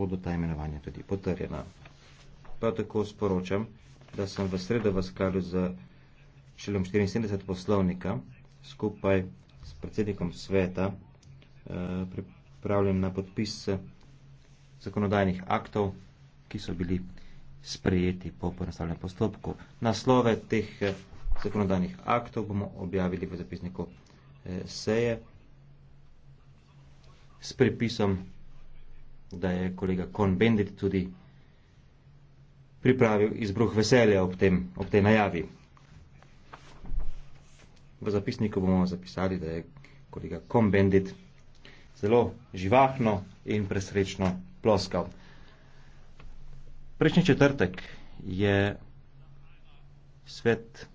bodo ta imenovanja tudi potrjena. Prav tako sporočam, da sem v sredo v skladu z šelom 74 poslovnika skupaj s predsednikom sveta eh, pripravljen na podpis zakonodajnih aktov, ki so bili sprejeti po ponastavljenem postopku. Naslove teh eh, zakonodajnih aktov bomo objavili v zapisniku eh, seje s prepisom da je kolega Kon Bendit tudi pripravil izbruh veselja ob, tem, ob tej najavi. V zapisniku bomo zapisali, da je kolega Kon Bendit zelo živahno in presrečno ploskal. Prejšnji četrtek je svet